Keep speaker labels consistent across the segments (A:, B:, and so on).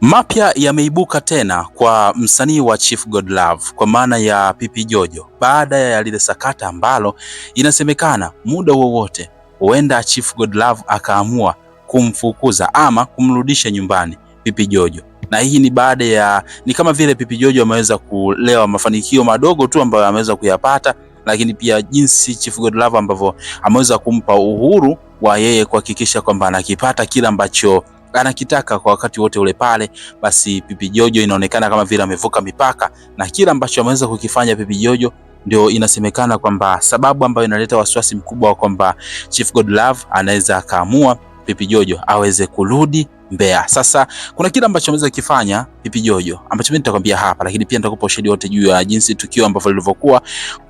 A: Mapya yameibuka tena kwa msanii wa Chief Godlove kwa maana ya Pipi Jojo, baada ya lile sakata ambalo inasemekana muda wowote huenda Chief Godlove akaamua kumfukuza ama kumrudisha nyumbani Pipi Jojo, na hii ni baada ya ni kama vile Pipi Jojo ameweza kulewa mafanikio madogo tu ambayo ameweza kuyapata, lakini pia jinsi Chief Godlove ambavyo ameweza kumpa uhuru wa yeye kuhakikisha kwamba anakipata kila ambacho anakitaka kwa wakati wote ule pale, basi Pipi Jojo inaonekana kama vile amevuka mipaka, na kila ambacho ameweza kukifanya Pipi Jojo ndio inasemekana kwamba sababu ambayo inaleta wasiwasi mkubwa wa kwamba Chief Godlove anaweza akaamua Pipi Jojo aweze kurudi Mbeya. Sasa kuna kile ambacho ameweza kukifanya Pipi Jojo ambacho mimi nitakwambia hapa, lakini pia nitakupa ushahidi wote juu ya jinsi tukio ambavyo lilivyokuwa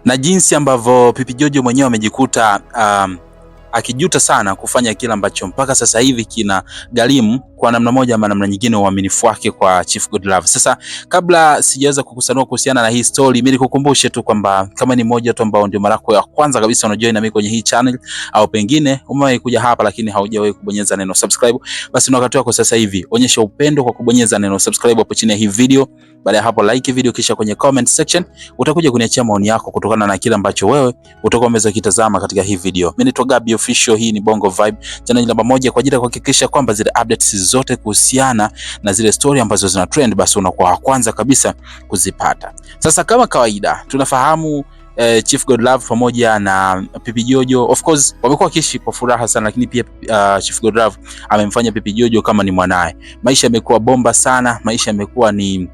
A: na jinsi ambavyo Pipi Jojo mwenyewe amejikuta um, akijuta sana kufanya kile ambacho mpaka sasa hivi kina gharimu kwa namna moja ama namna nyingine uaminifu wake kwa Chief Godlove. Sasa kabla sijaweza kukusanua kuhusiana na hii story, mimi nikukumbushe tu kwamba kama ni moja tu ambao ndio mara yako ya kwanza kabisa unajoin na mimi kwenye hii channel au pengine umewahi kuja hapa lakini haujawahi kubonyeza neno subscribe, basi ni wakati wako sasa hivi. Onyesha upendo kwa kubonyeza neno subscribe hapo chini ya hii video. Baada ya hapo like video, kisha kwenye comment section utakuja kuniachia maoni yako kutokana na kile ambacho wewe utakuwa umeweza kitazama katika hii video. Mimi ni Gabi official. Hii ni Bongo Vibe, channel namba moja kwa ajili ya kuhakikisha kwamba zile updates zote kuhusiana na zile story ambazo zina trend, basi unakuwa wa kwanza kabisa kuzipata. Sasa kama kawaida tunafahamu eh, Chief Godlove pamoja na Pipi Jojo of course wamekuwa wakiishi kwa furaha sana, lakini pia uh, Chief Godlove amemfanya Pipi Jojo kama ni mwanaye. Maisha yamekuwa bomba sana, maisha yamekuwa ni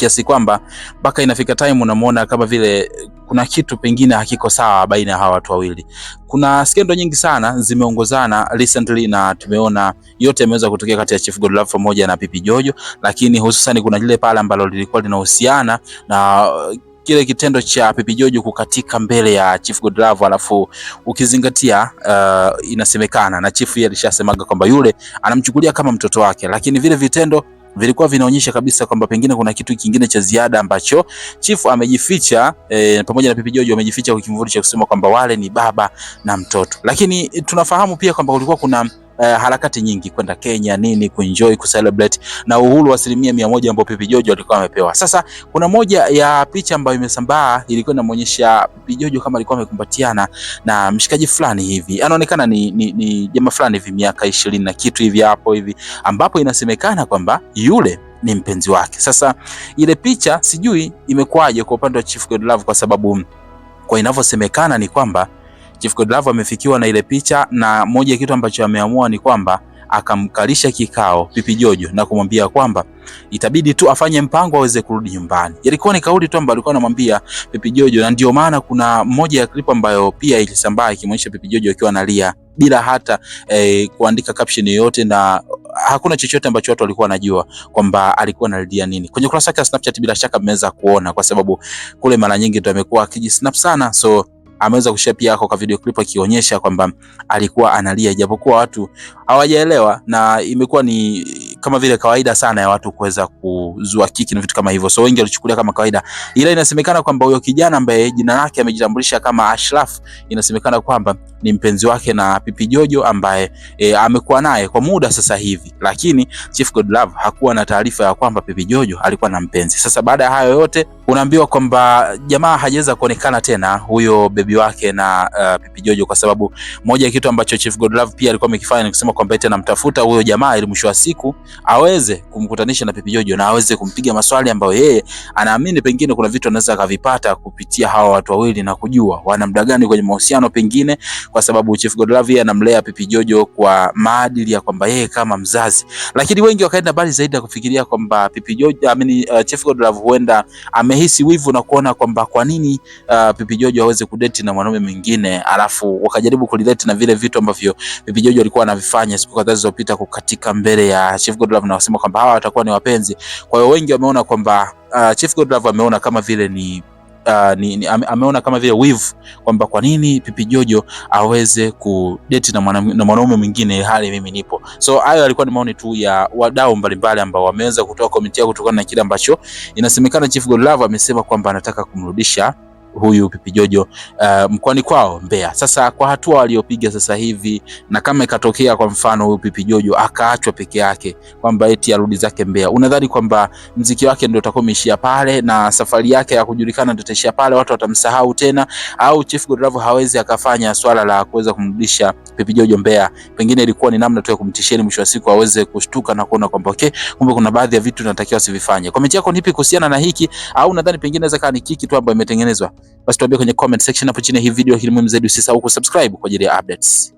A: kiasi kwamba mpaka inafika time unamuona kama vile kuna kitu pengine hakiko sawa baina ya hawa watu wawili. Kuna skendo nyingi sana zimeongozana recently na tumeona yote yameweza kutokea kati ya Chief Godlove pamoja na Pipi Jojo, lakini hususan kuna lile pale ambalo lilikuwa linahusiana na uh, kile kitendo cha Pipi Jojo kukatika mbele ya Chief Godlove, alafu ukizingatia uh, inasemekana na Chief yeye alishasemaga kwamba yule anamchukulia kama mtoto wake, lakini vile vitendo vilikuwa vinaonyesha kabisa kwamba pengine kuna kitu kingine cha ziada ambacho chifu amejificha e, pamoja na Pipi Jojo amejificha kwa kimvuli cha kusema kwamba wale ni baba na mtoto, lakini tunafahamu pia kwamba kulikuwa kuna uh, harakati nyingi kwenda Kenya nini kuenjoy kucelebrate na uhuru wa asilimia mia moja ambao Pipi Jojo alikuwa amepewa. Sasa kuna moja ya picha ambayo imesambaa ilikuwa inamuonyesha Pipi Jojo kama alikuwa amekumbatiana na mshikaji fulani hivi, anaonekana ni, ni, ni jamaa fulani hivi miaka ishirini na kitu hivi hapo hivi, ambapo inasemekana kwamba yule ni mpenzi wake. Sasa ile picha sijui imekwaje kwa upande wa Chief Godlove, kwa sababu kwa inavyosemekana ni kwamba Chief Godlove amefikiwa na ile picha, na moja ya kitu ambacho ameamua ni kwamba akamkalisha kikao Pipi Jojo na kumwambia kwamba itabidi tu afanye mpango aweze kurudi nyumbani. Ilikuwa ni kauli tu ambayo alikuwa anamwambia Pipi Jojo, na ndio maana kuna moja ya clip ambayo pia ilisambaa ikimwonyesha Pipi Jojo akiwa analia bila hata eh, kuandika caption yoyote na hakuna chochote ambacho watu walikuwa wanajua kwamba alikuwa analia nini. Kwenye kurasa yake ya Snapchat bila shaka mmeweza kuona, kwa sababu kule mara nyingi ndio amekuwa akijisnap sana so ameweza kushare pia kwa video clip akionyesha kwamba alikuwa analia, japokuwa watu hawajaelewa na imekuwa ni kama vile kawaida sana ya watu kuweza kuzua kiki na vitu kama hivyo, so wengi walichukulia kama kawaida, ila inasemekana kwamba huyo kijana ambaye jina lake amejitambulisha kama Ashraf, inasemekana kwamba ni mpenzi wake na Pipi Jojo ambaye e, amekuwa naye kwa muda sasa hivi, lakini Chief Godlove hakuwa na taarifa ya kwamba Pipi Jojo alikuwa na mpenzi. Sasa baada ya hayo yote, unaambiwa kwamba jamaa hajaweza kuonekana tena huyo bebi wake na uh, Pipi Jojo, kwa sababu moja ya kitu ambacho Chief Godlove pia alikuwa amekifanya ni kusema kwamba eti anamtafuta huyo jamaa ili mwisho wa siku aweze kumkutanisha na Pipi Jojo na aweze kumpiga maswali ambayo yeye anaamini pengine kuna vitu anaweza akavipata kupitia hawa watu wawili na kujua wana muda gani kwenye mahusiano pengine, kwa sababu Chief Godlove anamlea Pipi Jojo kwa maadili ya kwamba yeye kama mzazi, lakini wengi wakaenda mbali zaidi ya kufikiria kwamba Pipi Jojo amini, uh, Chief Godlove huenda amehisi wivu na kuona kwamba kwa nini uh, Pipi Jojo aweze kudeti na mwanaume mwingine, alafu wakajaribu kulilete na vile vitu ambavyo Pipi Jojo alikuwa anavifanya siku kadhaa zilizopita kukatika mbele ya Chief Godlove na wasema kwamba hawa watakuwa ni wapenzi. Kwa hiyo wengi wameona kwamba uh, Chief Godlove ameona kama vile ni Uh, ni, ni, ameona kama vile wivu kwamba kwa nini Pipi Jojo aweze kudeti na mwanaume mwingine hali mimi nipo. So hayo alikuwa ni maoni tu ya wadau mbalimbali ambao wameweza kutoa komenti yao kutokana na kile ambacho inasemekana Chief Godlove amesema kwamba anataka kumrudisha huyu Pipi Jojo uh, mkoani kwao Mbeya. Sasa kwa hatua waliopiga sasa hivi, na kama ikatokea kwa mfano huyu Pipi Jojo akaachwa peke yake kwamba eti arudi zake Mbeya, unadhani kwamba mziki wake ndio utakuwa umeishia pale na safari yake ya kujulikana ndio itaishia pale, watu watamsahau tena, au Chief Godlove hawezi akafanya swala la kuweza kumrudisha Pipi Jojo Mbeya? Pengine ilikuwa ni namna tu ya kumtisheni, mwisho wa siku aweze kushtuka na kuona kwamba okay, kumbe kuna baadhi ya vitu natakiwa sivifanye. Komenti yako nipi kuhusiana na hiki, au unadhani pengine inaweza kaa ni kiki tu ambayo imetengenezwa basi tuambie kwenye comment section hapo chini ya hii video, ili muhimu zaidi usisahau kusubscribe kwa ajili ya updates.